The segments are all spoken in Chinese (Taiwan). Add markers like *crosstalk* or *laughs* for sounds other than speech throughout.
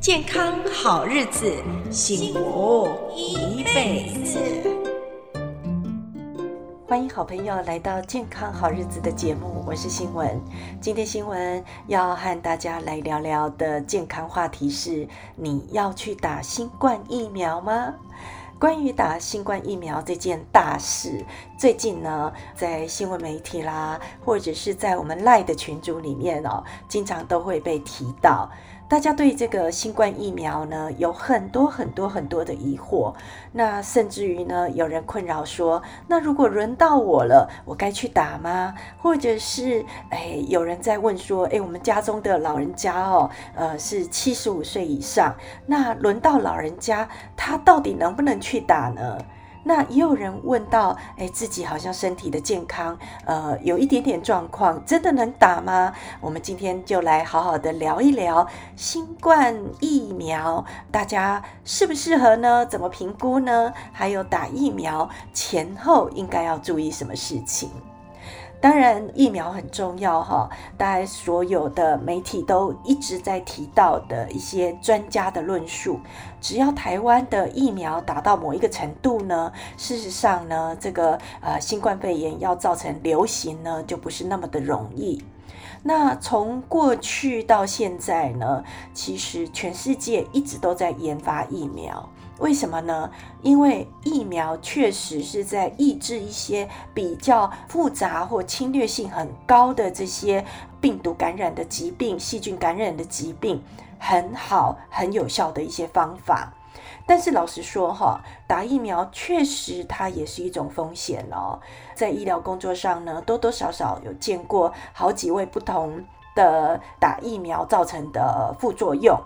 健康好日子，幸福一輩子。歡迎好朋友來到《健康好日子》的節目，我是馨文。今天馨文要和大家來聊聊的健康話題是：你要去打新冠疫苗嗎？關於打新冠疫苗這件大事，最近呢，在新聞媒體啦，或者是在我們 LINE 的群組裡面哦，經常都會被提到。大家對這個新冠疫苗呢，有很多很多很多的疑惑，那甚至於呢，有人困擾說，那如果輪到我了，我該去打嗎？或者是，哎，有人在問說，哎，我們家中的老人家哦，呃，是七十五歲以上，那輪到老人家，他到底能不能去打呢？那也有人問到，哎，自己好像身體的健康，呃，有一點點狀況，真的能打嗎？我們今天就來好好的聊一聊新冠疫苗，大家適不適合呢？怎麼評估呢？還有打疫苗前後應該要注意什麼事情？當然，疫苗很重要哈。大家所有的媒體都一直在提到的一些專家的論述，只要台灣的疫苗達到某一個程度呢，事實上呢，這個呃新冠肺炎要造成流行呢，就不是那麼的容易。那從過去到現在呢，其實全世界一直都在研發疫苗。為什麼呢？因為疫苗確實是在抑制一些比較複雜或侵略性很高的這些病毒感染的疾病、細菌感染的疾病，很好、很有效的一些方法。但是老實說哈，打疫苗確實它也是一種風險哦。在醫療工作上呢，多多少少有見過好幾位不同的打疫苗造成的副作用。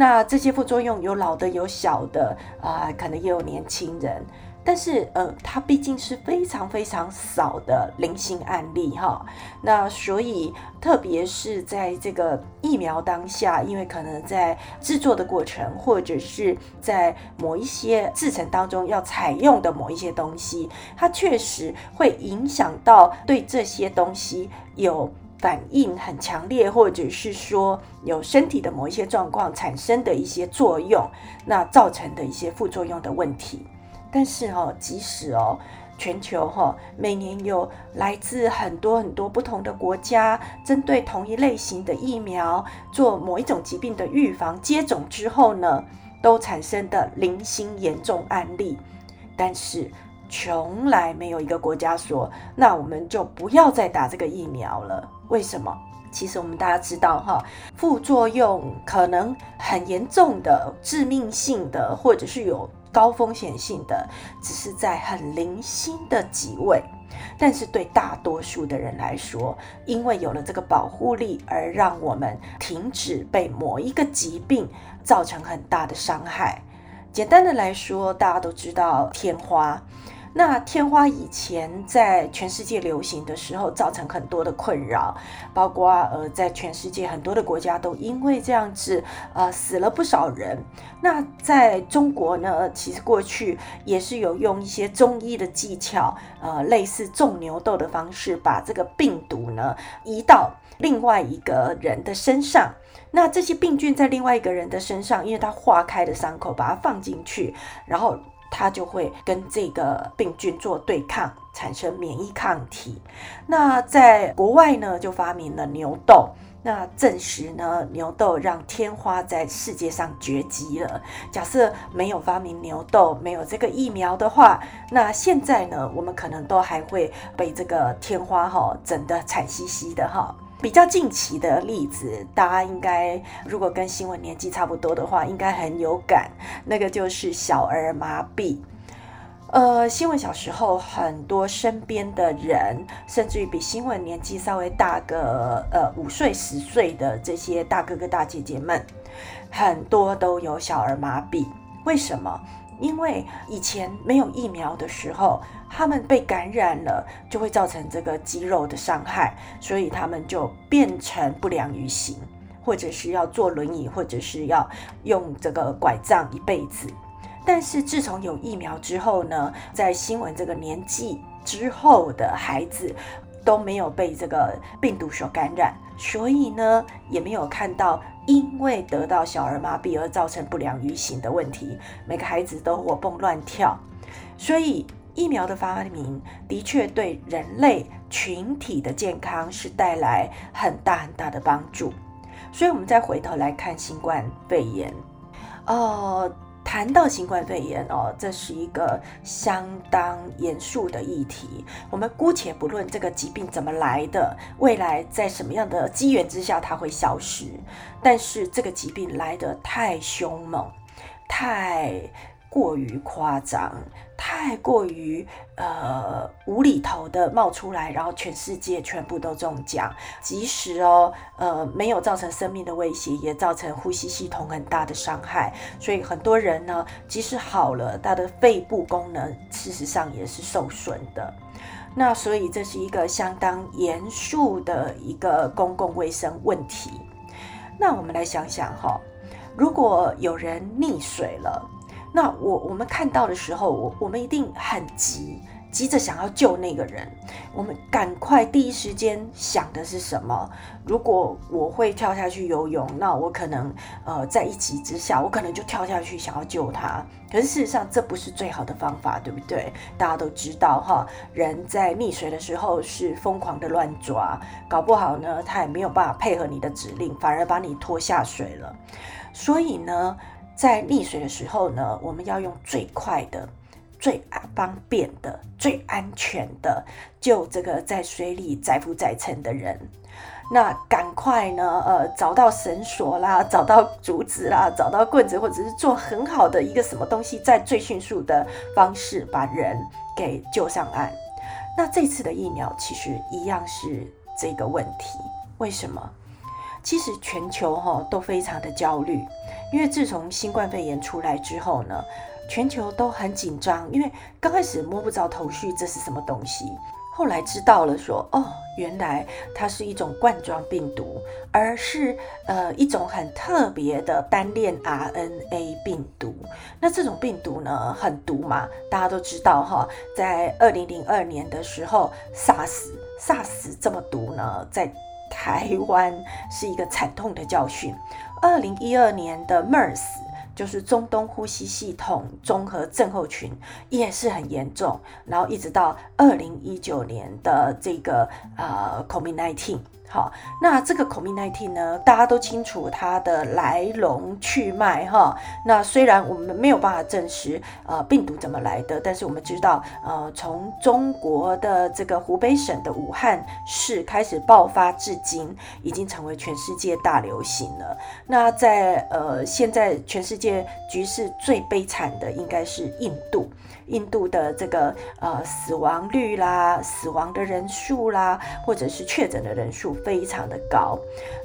那這些副作用有老的有小的啊、呃，可能也有年輕人，但是呃，它畢竟是非常非常少的零星案例哈。那所以，特別是在這個疫苗當下，因為可能在制作的過程，或者是在某一些製程當中要採用的某一些東西，它確實會影響到對這些東西有。反應很強烈，或者是說有身體的某一些狀況產生的一些作用，那造成的一些副作用的問題。但是哦，即使哦，全球哈、哦、每年有來自很多很多不同的國家，針對同一類型的疫苗做某一種疾病的預防接種之後呢，都產生的零星嚴重案例。但是從來沒有一個國家說，那我們就不要再打這個疫苗了。為什麼？其實我們大家知道哈，副作用可能很嚴重的、致命性的，或者是有高風險性的，只是在很零星的幾位。但是對大多數的人來說，因為有了這個保護力，而讓我們停止被某一個疾病造成很大的傷害。簡單的來說，大家都知道天花。那天花以前在全世界流行的時候，造成很多的困擾，包括呃，在全世界很多的國家都因為這樣子，呃，死了不少人。那在中國呢，其實過去也是有用一些中醫的技巧，呃，類似種牛痘的方式，把這個病毒呢移到另外一個人的身上。那這些病菌在另外一個人的身上，因為它化開的傷口，把它放進去，然後。它就會跟這個病菌做對抗，產生免疫抗體。那在國外呢，就發明了牛痘。那證實呢，牛痘讓天花在世界上絕跡了。假設沒有發明牛痘，沒有這個疫苗的話，那現在呢，我們可能都還會被這個天花、哦、整得慘兮兮的哈、哦。比較近期的例子，大家應該如果跟馨文年紀差不多的話，應該很有感。那個就是小兒麻痹。呃，馨文小時候很多身邊的人，甚至於比馨文年紀稍微大個，呃，五歲十歲的這些大哥哥大姐姐們，很多都有小兒麻痹。為什麼？因為以前沒有疫苗的時候，他們被感染了就會造成這個肌肉的傷害，所以他們就變成不良於行，或者是要坐輪椅，或者是要用這個拐杖一輩子。但是自從有疫苗之後呢，在新聞這個年紀之後的孩子都沒有被這個病毒所感染，所以呢也沒有看到。因為得到小兒麻痹而造成不良於行的問題，每個孩子都活蹦亂跳，所以疫苗的發明的確對人類群體的健康是帶來很大很大的幫助。所以，我們再回頭來看新冠肺炎，哦、呃。談到新冠肺炎哦，這是一個相當嚴肅的議題。我們姑且不論這個疾病怎麼來的，未來在什麼樣的機緣之下它會消失，但是這個疾病來得太兇猛，太。過於誇張，太過於呃無厘頭的冒出來，然後全世界全部都中獎，即使哦呃沒有造成生命的威脅，也造成呼吸系統很大的傷害。所以很多人呢，即使好了，他的肺部功能事實上也是受損的。那所以這是一個相當嚴肅的一個公共衛生問題。那我們來想想哈、哦，如果有人溺水了。那我我們看到的時候，我我們一定很急，急着想要救那個人。我們趕快第一時間想的是什麼？如果我會跳下去游泳，那我可能呃，在一急之下，我可能就跳下去想要救他。可是事實上，這不是最好的方法，對不對？大家都知道哈，人在溺水的時候是瘋狂的亂抓，搞不好呢，他也沒有辦法配合你的指令，反而把你拖下水了。所以呢，在溺水的時候呢，我們要用最快的、最方便的、最安全的救這個在水裡載浮載沉的人。那趕快呢，呃，找到繩索啦，找到竹子啦，找到棍子，或者是做很好的一個什麼東西，在最迅速的方式把人給救上岸。那這次的疫苗其實一樣是這個問題，為什麼？其實全球哈都非常的焦慮，因為自從新冠肺炎出來之後呢，全球都很緊張，因為剛開始摸不着頭緒，這是什麼東西，後來知道了說，哦，原來它是一種冠狀病毒，而是呃一種很特別的單鏈 RNA 病毒。那這種病毒呢很毒嘛，大家都知道哈，在二零零二年的時候，SARS SARS 這麼毒呢，在台灣是一個慘痛的教訓。二零一二年的 MERS 就是中東呼吸系統綜合症候群，也是很嚴重，然後一直到二零一九年的這個呃 COVID nineteen。好，那這個 COVID-19 呢，大家都清楚它的來龍去脈哈。那雖然我們沒有辦法證實，呃，病毒怎麼來的，但是我們知道呃，從中國的這個湖北省的武漢市開始爆發至今已經成為全世界大流行了。那在呃現在全世界局勢最悲慘的，應該是印度。印度的這個呃死亡率啦、死亡的人數啦，或者是確診的人數非常的高，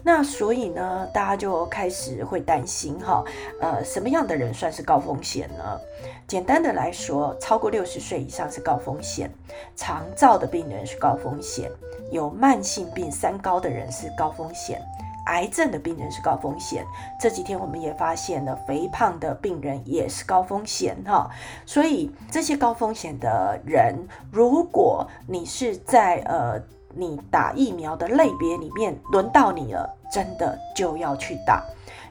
那所以呢，大家就開始會擔心哈、哦，呃什麼樣的人算是高風險呢？簡單的來說，超過六十歲以上是高風險，長照的病人是高風險，有慢性病三高的人是高風險。癌症的病人是高風險，這幾天我們也發現了肥胖的病人也是高風險哈，所以這些高風險的人，如果你是在呃你打疫苗的類別裡面輪到你了，真的就要去打，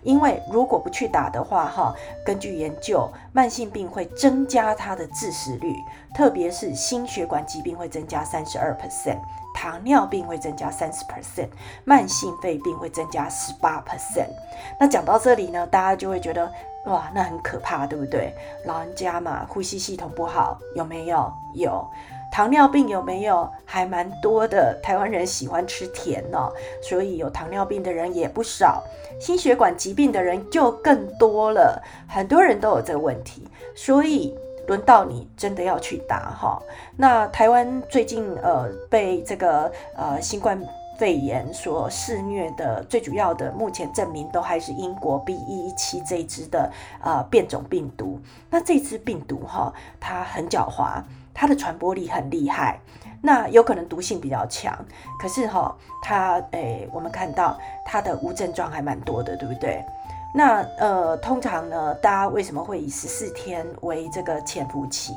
因為如果不去打的話哈，根據研究，慢性病會增加他的致死率，特別是心血管疾病會增加三十二 percent。糖尿病會增加三十 percent，慢性肺病會增加十八 percent。那講到這裡呢，大家就會覺得哇，那很可怕，對不對？老人家嘛，呼吸系統不好，有沒有？有糖尿病有沒有？還蠻多的。台灣人喜歡吃甜哦，所以有糖尿病的人也不少，心血管疾病的人就更多了。很多人都有這個問題，所以。輪到你真的要去打哈？那台灣最近呃，被這個呃新冠肺炎所肆虐的，最主要的目前證明都還是英國 B.1.1.7 這一支的呃變種病毒。那這支病毒哈，它很狡猾，它的傳播力很厲害，那有可能毒性比較強，可是哈，它、欸、誒我們看到它的無症狀還蠻多的，對不對？那呃，通常呢，大家為什麼會以十四天為這個潛伏期？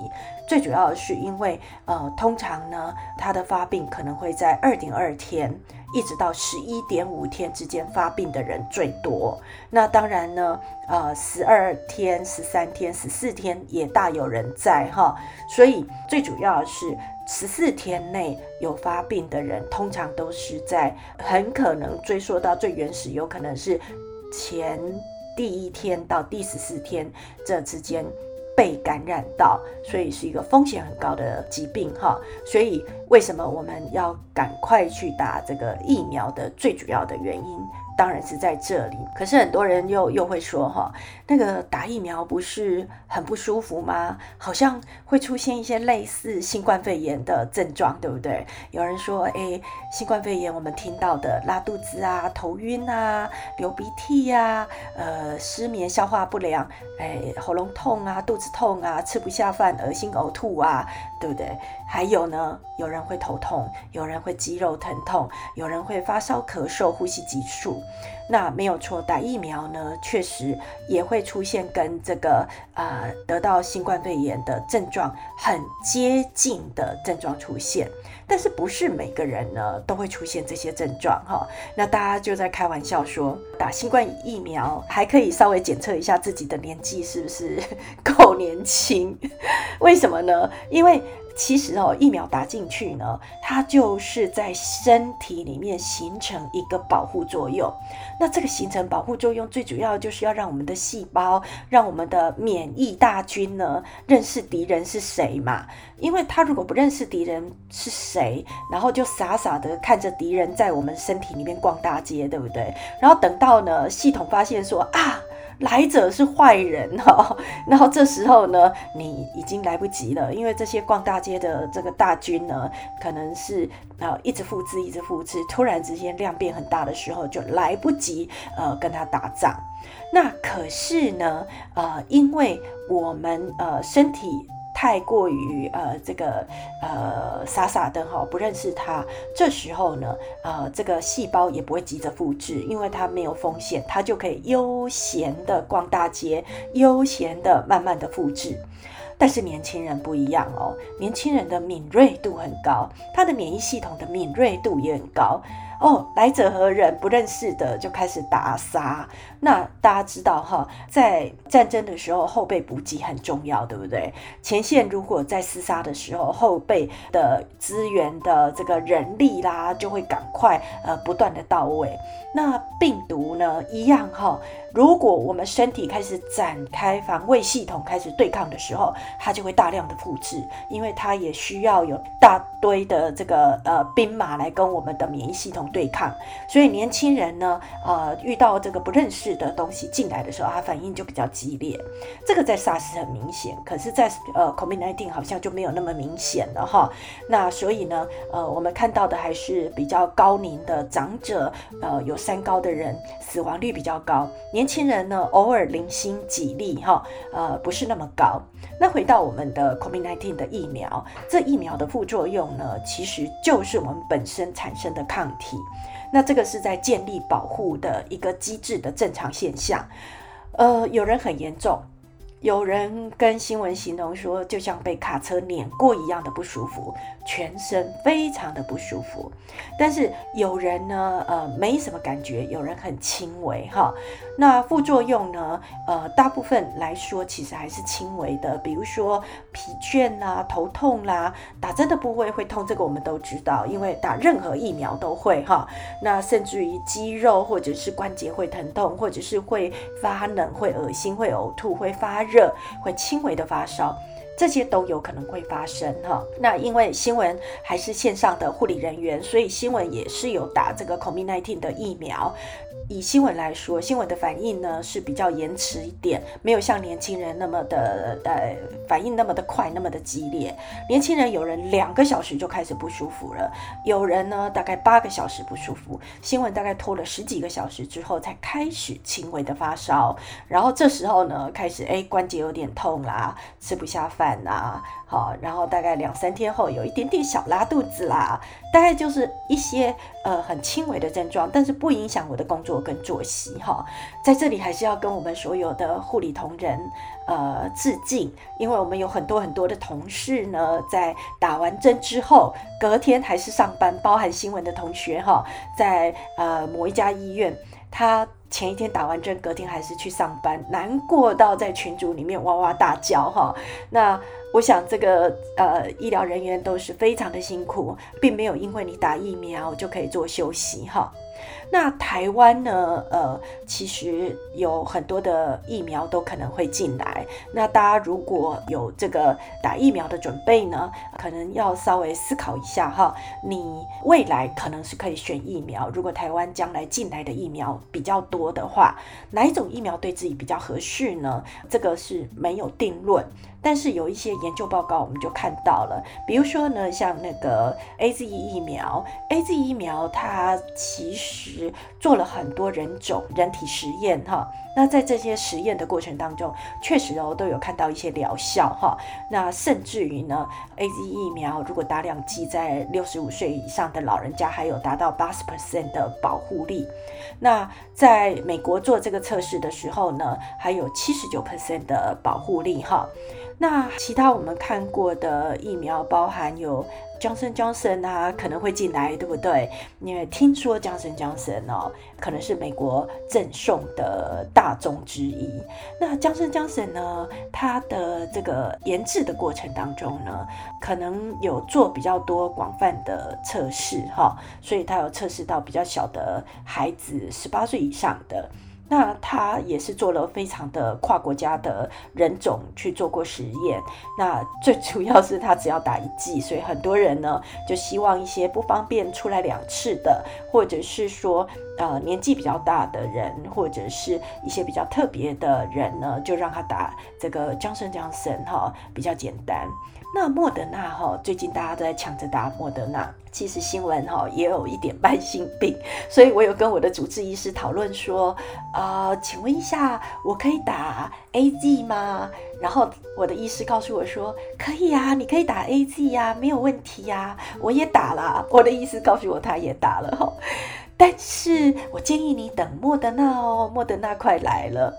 最主要的是因為呃，通常呢，它的發病可能會在二點二天一直到十一點五天之間發病的人最多。那當然呢，呃，十二天、十三天、十四天也大有人在哈。所以最主要的是十四天內有發病的人，通常都是在很可能追溯到最原始，有可能是。前第一天到第十四天這之間被感染到，所以是一個風險很高的疾病哈。所以為什麼我們要趕快去打這個疫苗的最主要的原因？當然是在這裡，可是很多人又又會說哈、哦，那個打疫苗不是很不舒服嗎？好像會出現一些類似新冠肺炎的症狀，對不對？有人說，誒，新冠肺炎我們聽到的拉肚子啊、頭暈啊、流鼻涕呀、啊、呃、失眠、消化不良、誒、喉嚨痛啊、肚子痛啊、吃不下飯、噁心嘔吐啊。對不對？還有呢，有人會頭痛，有人會肌肉疼痛，有人會發燒、咳嗽、呼吸急促。那沒有錯，打疫苗呢，確實也會出現跟這個呃得到新冠肺炎的症狀很接近的症狀出現，但是不是每個人呢都會出現這些症狀哈、哦。那大家就在開玩笑說，打新冠疫苗還可以稍微檢測一下自己的年紀是不是夠年輕，為什麼呢？因為。其實哦，疫苗打進去呢，它就是在身體裡面形成一個保護作用。那這個形成保護作用，最主要就是要讓我們的細胞，讓我們的免疫大軍呢認識敵人是誰嘛？因為他如果不認識敵人是誰，然後就傻傻的看着敵人在我們身體裡面逛大街，對不對？然後等到呢，系統發現說啊。來者是壞人哈，然後這時候呢，你已經來不及了，因為這些逛大街的這個大軍呢，可能是啊一直複製，一直複製，突然之間量變很大的時候，就來不及呃跟他打仗。那可是呢，呃，因為我們呃身體。太過於呃，這個呃傻傻的哈、哦，不認識他，這時候呢，呃，這個細胞也不會急着複製，因為它沒有風險，它就可以悠閒的逛大街，悠閒的慢慢的複製。但是年輕人不一樣哦，年輕人的敏銳度很高，他的免疫系統的敏銳度也很高哦，來者何人，不認識的就開始打殺。那大家知道哈，在戰爭的時候，後備補給很重要，對不對？前線如果在厮殺的時候，後備的資源的這個人力啦，就會趕快呃不斷的到位。那病毒呢，一樣哈，如果我們身體開始展開防衛系統開始對抗的時候，它就會大量的複制，因為它也需要有大堆的這個呃兵馬來跟我們的免疫系統對抗。所以年輕人呢，呃，遇到這個不認識。的東西進來的時候啊，反應就比較激烈，這個在 SARS 很明顯，可是在呃 COVID-19 好像就沒有那麼明顯了哈。那所以呢，呃，我們看到的還是比較高齡的長者，呃，有三高的人死亡率比較高，年輕人呢偶爾零星幾例哈，呃，不是那麼高。那回到我們的 COVID-19 的疫苗，這疫苗的副作用呢，其實就是我們本身產生的抗體。那這個是在建立保護的一個機制的正常現象，呃，有人很嚴重，有人跟新聞形容說，就像被卡車碾過一樣的不舒服。全身非常的不舒服，但是有人呢，呃，沒什麼感覺，有人很輕微哈。那副作用呢，呃，大部分來說其實還是輕微的，比如說疲倦啦、頭痛啦、打針的部位會，會痛，這個我們都知道，因為打任何疫苗都會哈。那甚至於肌肉或者是關節會疼痛，或者是會發冷、會惡心、會嘔吐、會發熱、會輕微的發燒。這些都有可能會發生哈，那因為馨文還是線上的護理人員，所以馨文也是有打這個 COVID-19 的疫苗。以新聞來說，新聞的反應呢是比較延遲一點，沒有像年輕人那麼的呃反應那麼的快，那麼的激烈。年輕人有人兩個小時就開始不舒服了，有人呢大概八個小時不舒服，新聞大概拖了十幾個小時之後才開始輕微的發燒，然後這時候呢開始哎，關節有點痛啦，吃不下飯啦，好，然後大概兩三天後有一點點小拉肚子啦，大概就是一些呃很輕微的症狀，但是不影響我的工作。做跟作息哈，在這裡還是要跟我們所有的護理同仁呃致敬，因為我們有很多很多的同事呢，在打完針之後，隔天還是上班，包含新聞的同學哈、哦，在呃某一家醫院，他前一天打完針，隔天還是去上班，難過到在群組裡面哇哇大叫哈、哦。那我想這個呃醫療人員都是非常的辛苦，並沒有因為你打疫苗就可以做休息哈。哦那台灣呢？呃，其實有很多的疫苗都可能會進來。那大家如果有這個打疫苗的準備呢，可能要稍微思考一下哈。你未來可能是可以選疫苗，如果台灣將來進來的疫苗比較多的話，哪一種疫苗對自己比較合適呢？這個是沒有定論。但是有一些研究報告，我們就看到了，比如說呢，像那個 A Z 疫苗，A Z 疫苗它其實做了很多人種人體實驗，哈。那在這些實驗的過程當中，確實哦都有看到一些療效哈。那甚至於呢，AZ 疫苗如果打兩劑在六十五歲以上的老人家，還有達到八十 percent 的保護力。那在美國做這個測試的時候呢，還有七十九 percent 的保護力哈。那其他我們看過的疫苗包含有。嬌生，嬌生啊，可能會進來，對不對？因為聽說嬌生，嬌生哦，可能是美國贈送的大宗之一。那嬌生，嬌生呢，它的這個研製的過程當中呢，可能有做比較多廣泛的測試，哈、哦，所以它有測試到比較小的孩子，十八歲以上的。那他也是做了非常的跨國家的人種去做過實驗，那最主要是他只要打一劑，所以很多人呢，就希望一些不方便出來兩次的，或者是說呃年紀比較大的人，或者是一些比較特別的人呢，就讓他打這個嬌生嬌生哈，比較簡單。那莫德納哈，最近大家都在搶着打莫德納。其實馨文哈也有一點慢性病，所以我有跟我的主治醫師討論說，啊、呃，請問一下，我可以打 A Z 嗎？然後我的醫師告訴我說，可以啊，你可以打 A Z 呀、啊，沒有問題呀、啊。我也打了，我的醫師告訴我他也打了哈，但是我建議你等莫德納哦，莫德納快來了。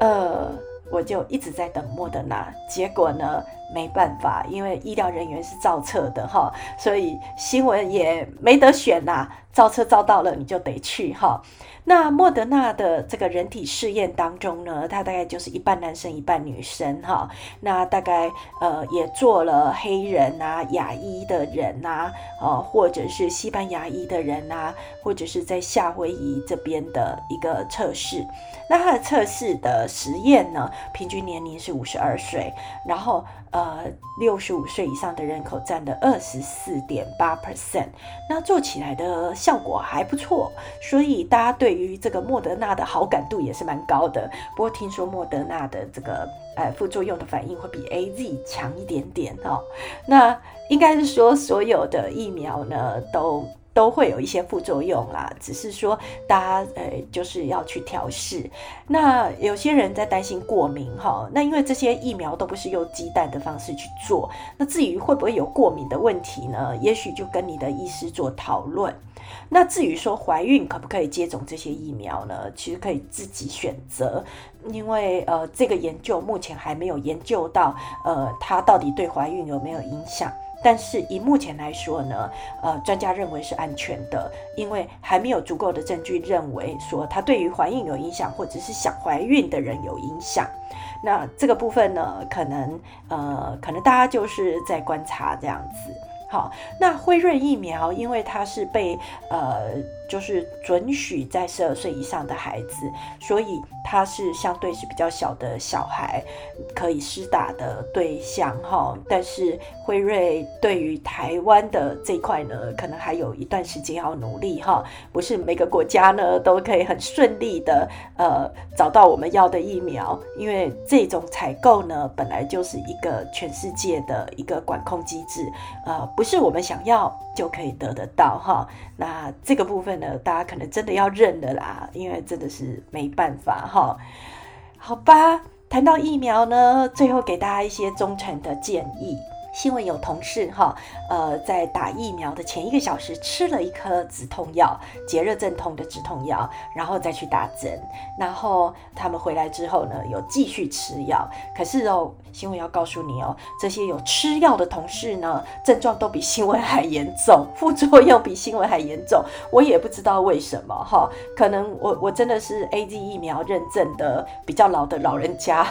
呃，我就一直在等莫德納，結果呢？沒辦法，因為醫療人員是造冊的哈，所以新聞也沒得選吶、啊，造冊造到了你就得去哈。那莫德納的這個人體試驗當中呢，他大概就是一半男生一半女生哈，那大概呃也做了黑人啊、亞裔的人吶、啊，哦或者是西班牙裔的人吶、啊，或者是在夏威夷這邊的一個測試。那他的測試的實驗呢，平均年齡是五十二歲，然後。呃，六十五歲以上的人口占的二十四點八 percent，那做起來的效果還不錯，所以大家對於這個莫德納的好感度也是蠻高的。不過聽說莫德納的這個呃副作用的反應會比 AZ 強一點點哦，那應該是說所有的疫苗呢都。都會有一些副作用啦，只是說大家呃、哎，就是要去調試。那有些人在擔心過敏哈、哦，那因為這些疫苗都不是用雞蛋的方式去做。那至於會不會有過敏的問題呢？也許就跟你的醫師做討論。那至於說懷孕可不可以接種這些疫苗呢？其實可以自己選擇，因為呃，這個研究目前還沒有研究到呃，它到底對懷孕有沒有影響。但是以目前來說呢，呃，專家認為是安全的，因為還沒有足夠的證據認為說它對於懷孕有影響，或者是想懷孕的人有影響。那這個部分呢，可能呃，可能大家就是在觀察這樣子。好，那輝瑞疫苗因為它是被呃，就是准許在十二歲以上的孩子，所以他是相對是比較小的小孩可以施打的對象哈。但是輝瑞對於台灣的這塊呢，可能還有一段時間要努力哈。不是每個國家呢都可以很順利的呃找到我們要的疫苗，因為這種採購呢本來就是一個全世界的一個管控機制，呃，不是我們想要就可以得得到哈。那這個部分。大家可能真的要認的啦，因為真的是沒辦法哈，好吧。談到疫苗呢，最後給大家一些忠誠的建議。馨文有同事哈，呃，在打疫苗的前一個小時吃了一顆止痛藥，解熱鎮痛的止痛藥，然後再去打針。然後他們回來之後呢，又繼續吃藥。可是哦，馨文要告訴你哦，這些有吃藥的同事呢，症狀都比馨文還嚴重，副作用比馨文還嚴重。我也不知道為什麼哈、哦，可能我我真的是 AZ 疫苗認證的比較老的老人家。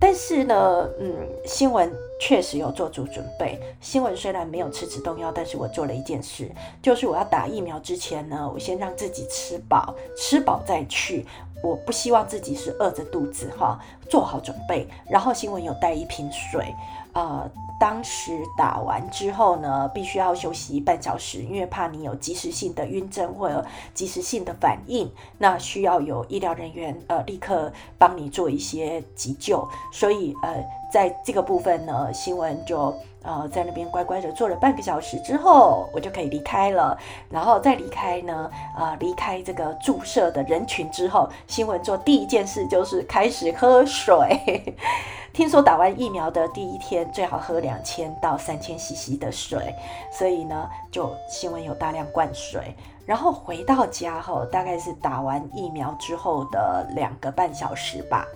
但是呢，嗯，馨文確實有做足準備。馨文雖然沒有吃止痛藥，但是我做了一件事，就是我要打疫苗之前呢，我先讓自己吃飽，吃飽再去。我不希望自己是餓着肚子哈，做好準備。然後馨文有帶一瓶水，呃當時打完之後呢，必須要休息半小時，因為怕你有即時性的暈針或者即時性的反應，那需要有醫療人員呃立刻幫你做一些急救。所以呃，在這個部分呢，馨文就呃在那邊乖乖的坐了半個小時之後，我就可以離開了。然後再離開呢，呃，離開這個注射的人群之後，馨文做第一件事就是開始喝水。 *laughs* 聽說打完疫苗的第一天最好喝兩千到三千 CC 的水，所以呢，就馨文有大量灌水。然後回到家後，大概是打完疫苗之後的兩個半小時吧。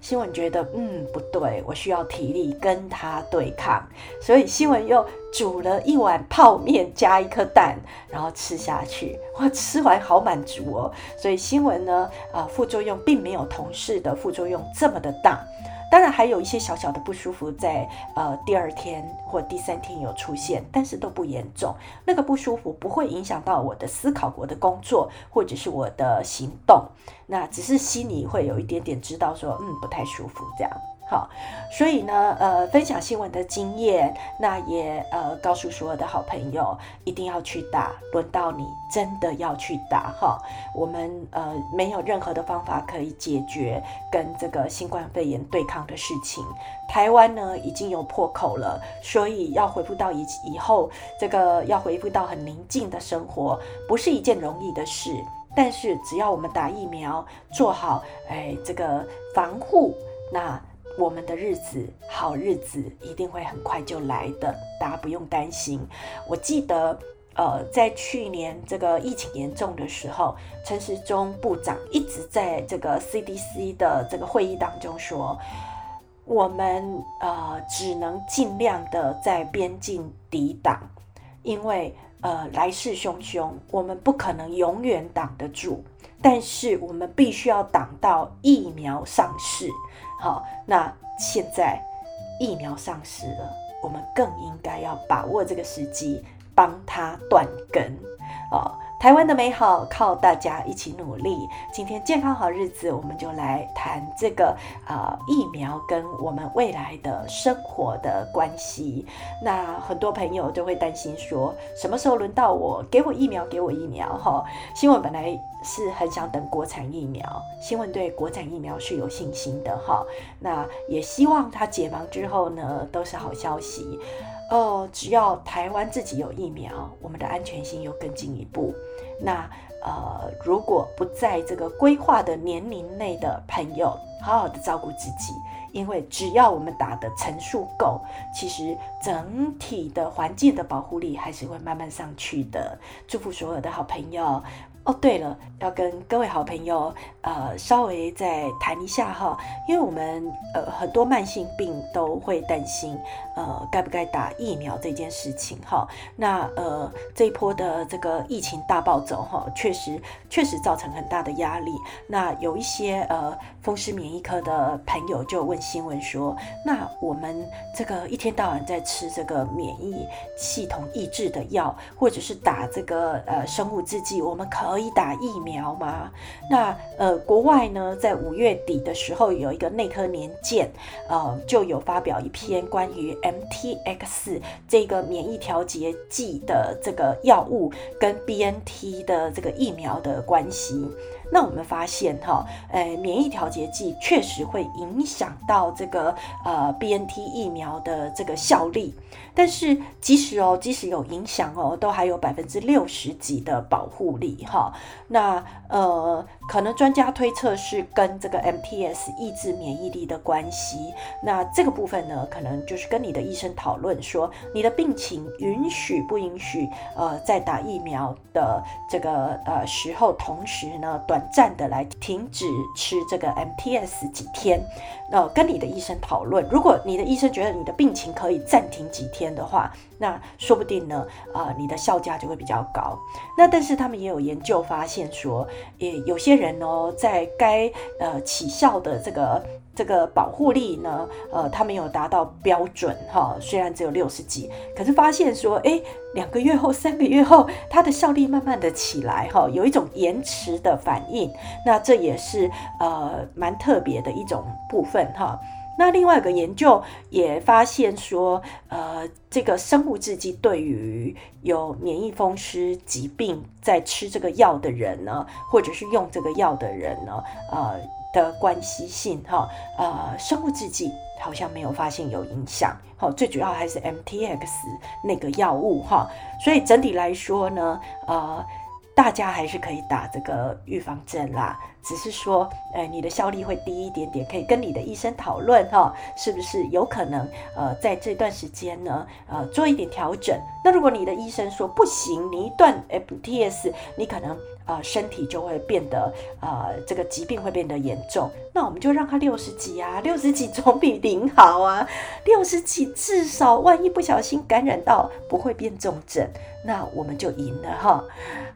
馨文覺得，嗯，不對，我需要體力跟他對抗，所以馨文又煮了一碗泡麵加一顆蛋，然後吃下去。哇，吃完好滿足哦！所以馨文呢，啊、呃，副作用並沒有同事的副作用這麼的大。當然，還有一些小小的不舒服在呃第二天或第三天有出現，但是都不嚴重。那個不舒服不會影響到我的思考、我的工作或者是我的行動。那只是心裡會有一點點知道說，嗯，不太舒服這樣。好，所以呢，呃，分享新聞的經驗，那也呃，告訴所有的好朋友，一定要去打。輪到你真的要去打哈。我們呃，沒有任何的方法可以解決跟這個新冠肺炎對抗的事情。台灣呢已經有破口了，所以要恢復到以以後，這個要恢復到很寧靜的生活，不是一件容易的事。但是只要我們打疫苗，做好哎，這個防護，那。我們的日子、好日子一定會很快就來的，大家不用擔心。我記得，呃，在去年這個疫情嚴重的時候，陳時中部長一直在這個 CDC 的這個會議當中說，我們呃只能盡量的在邊境抵擋，因為呃來勢洶洶，我們不可能永遠擋得住，但是我們必須要擋到疫苗上市。好，那現在疫苗上市了，我們更應該要把握這個時機，幫它斷根，啊、哦。台灣的美好靠大家一起努力。今天健康好日子，我們就來談這個啊、呃、疫苗跟我們未來的生活的關係。那很多朋友都會擔心說，什麼時候輪到我？給我疫苗，給我疫苗哈。馨文本來是很想等國產疫苗，馨文對國產疫苗是有信心的哈。那也希望它解盲之後呢，都是好消息。哦，只要台灣自己有疫苗，我們的安全性又更進一步。那呃，如果不在這個規劃的年齡內的朋友，好好，好的照顧自己，因為只要我們打的成數夠，其實整體的環境的保護力還是會慢慢上去的。祝福所有的好朋友。哦，oh, 對了，要跟各位好朋友，呃，稍微再談一下哈，因為我們呃很多慢性病都會擔心，呃，該不該打疫苗這件事情哈。那呃這一波的這個疫情大暴走哈，確實確實造成很大的壓力。那有一些呃風濕免疫科的朋友就問馨文說，那我們這個一天到晚在吃這個免疫系統抑制的藥，或者是打這個呃生物製劑，我們可可以打疫苗嗎？那呃，國外呢，在五月底的時候有一個內科年鑑，呃，就有發表一篇關於 MTX 這個免疫調節劑的這個藥物跟 BNT 的這個疫苗的關係。那我們發現哈、哦，誒、哎，免疫調節劑確實會影響到這個呃 BNT 疫苗的這個效力，但是即使哦，即使有影響哦，都還有百分之六十幾的保護力哈、哦。那呃。可能專家推測是跟這個 M T S 抑制免疫力的關係。那這個部分呢，可能就是跟你的醫生討論說，說你的病情允許不允許呃，在打疫苗的這個呃時候，同時呢，短暫的來停止吃這個 M T S 幾天。那、呃、跟你的醫生討論，如果你的醫生覺得你的病情可以暫停幾天的話，那說不定呢，啊、呃，你的效價就會比較高。那但是他們也有研究發現說，也有些。人呢、哦，在該呃起效的這個這個保護力呢，呃，它沒有達到標準哈、哦。雖然只有六十幾，可是發現說，哎，兩個月後、三個月後，它的效力慢慢的起來哈、哦，有一種延遲的反應。那這也是呃蠻特別的一種部分哈。哦那另外一個研究，也發現說，呃，這個生物製劑對於有免疫風濕疾病在吃這個藥的人呢，或者是用這個藥的人呢，呃，的關係性哈，呃，生物製劑好像沒有發現有影響。好，最主要還是 MTX 那個藥物哈，所以整體來說呢，呃。大家還是可以打這個預防針啦，只是說，哎、你的效率會低一點點，可以跟你的醫生討論哈、哦，是不是有可能，呃，在這段時間呢，呃，做一點調整。那如果你的醫生說不行，你一段 FTS，你可能。呃，身體就會變得呃，這個疾病會變得嚴重。那我們就讓他六十幾啊，六十幾總比零好啊，六十幾至少萬一不小心感染到不會變重症，那我們就贏了哈。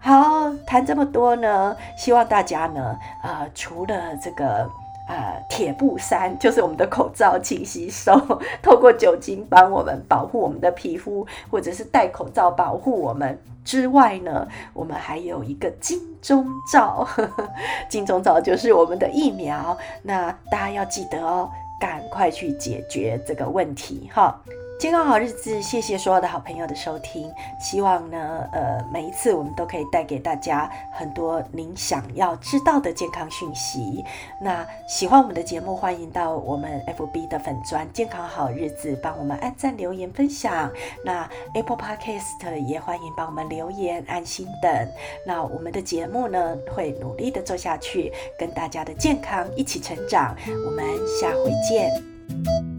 好，談這麼多呢，希望大家呢，呃，除了這個。呃，鐵布衫就是我們的口罩，勤洗手，透過酒精幫我們保護我們的皮膚，或者是戴口罩保護我們之外呢，我們還有一個金鐘罩，呵呵金鐘罩就是我們的疫苗。那大家要記得哦，趕快去解決這個問題哈。健康好日子，謝謝所有的好朋友的收聽。希望呢，呃，每一次我們都可以帶給大家很多您想要知道的健康訊息。那喜歡我們的節目，歡迎到我們 FB 的粉專“健康好日子”，幫我們按讚、留言、分享。那 Apple Podcast 也歡迎幫我們留言、安心等。那我們的節目呢，會努力的做下去，跟大家的健康一起成長。我們下回見。